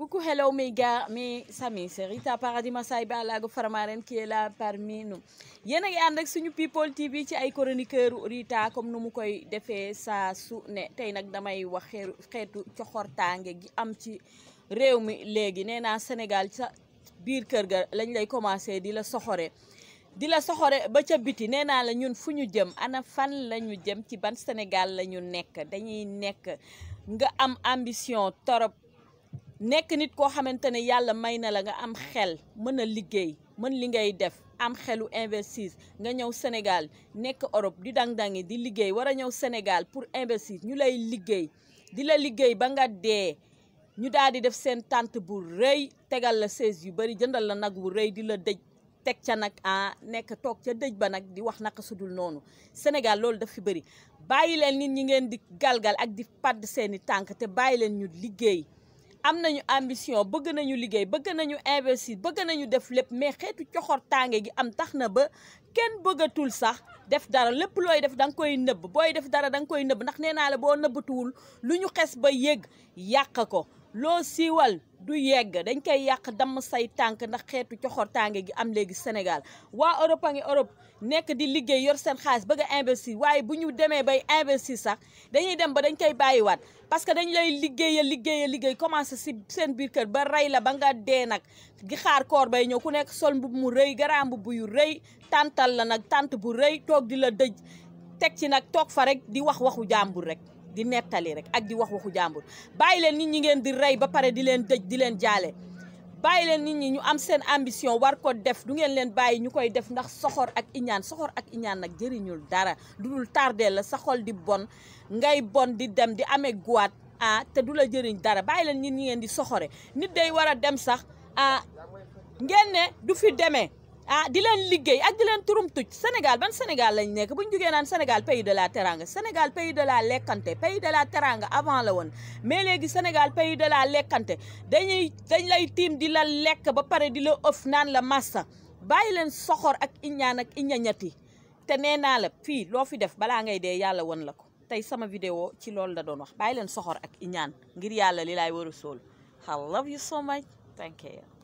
Coucou, hello mes gars, mes amis, c'est Rita Paradis Massaiba Lago Farmaren qui est là parmi nous. Yéen a ngi ànd ak suñu People TV ci ay chroniqueur Rita comme nu mu koy defee saa su ne tey nag damay wax xeetu coxortaange gi am ci réew mi léegi nee naa Sénégal ca biir kër ga lañ lay commencé di la soxore. di la soxore ba ca biti nee naa la ñun fu ñu jëm ana fan la ñu jëm ci ban Sénégal la ñu nekk dañuy nekk nga am ambition torop nekk nit koo xamante ne yàlla may na la nga am xel mën a liggéey mën li ngay def am xelu investir nga ñëw Sénégal nekk Europe di dang-dangi di liggéey war a ñëw Sénégal pour investir ñu lay liggéey di la liggéey ba nga dee ñu daal di def seen tànt bu rëy tegal la chaise yu bari jëndal la nag wu rëy di la dëj teg ca nag ah nekk toog ca dëj ba nag di wax naka sudul noonu Sénégal loolu daf fi bëri bàyyi leen nit ñi ngeen di galgal ak di padd seeni tànk te bàyyi leen ñu liggéey am nañu ambition bëgg nañu liggéey bëgg nañu investir bëgg nañu def lépp mais xeetu coxor tànge gi am tax na ba kenn bëggatul sax def dara lépp looy def danga koy nëbb booy def dara da nga koy nëbb ndax nee naa la boo nëbbatuwul lu ñu xes ba yëg yàq ko loo siiwal du yegg dañ koy yàq dam say tànk ndax xeetu coxor tànge gi am léegi Sénégal waa Europe a ngi Europe nekk di liggéey yor seen xaalis bëgg a investir waaye bu ñu demee bay investir sax dañuy dem ba dañ koy bàyyiwaat parce que dañ lay liggéeya liggéeya liggéey commencé si seen biir kër ba rey la ba nga dee nag gi xaar koor bay ñëw ku nekk sol mbub mu rëy garaam mbub yu rëy tàntal la nag tànt bu rëy toog di la dëj teg ci nag toog fa rek di wax waxu jàmbur rek di nettali rek ak di wax waxu jàmbur bàyyi leen nit ñi ngeen di rey ba pare di leen dëj di leen jaale bàyyi leen nit ñi ñu am seen ambition war ko def du ngeen leen bàyyi ñu koy def ndax soxor ak iñaan soxor ak iñaan nag jëriñul dara du dul tardé la sa di bon ngay bon di dem di amee guwaat ah te du la jëriñ dara bàyyi leen nit ñi ngeen di soxore nit day war a dem sax ah ngeen ne du fi demee ah di leen liggéey ak di leen turum tuj Sénégal ban Sénégal lañ nekk bu ñu jugee naan Sénégal pays de la teranga Sénégal pays de la lekkante pays de la teranga avant la woon mais léegi Sénégal pays de la lekkante dañuy dañ lay tiim di la lekk ba pare di la naan la massa bàyyi leen soxor ak iñaan ak iñañati te nee naa la fii loo fi def balaa ngay dee yàlla wan la ko tey sama video ci loolu la doon wax bàyyi leen soxor ak iñaan ngir yàlla li laay war a sóol I love you so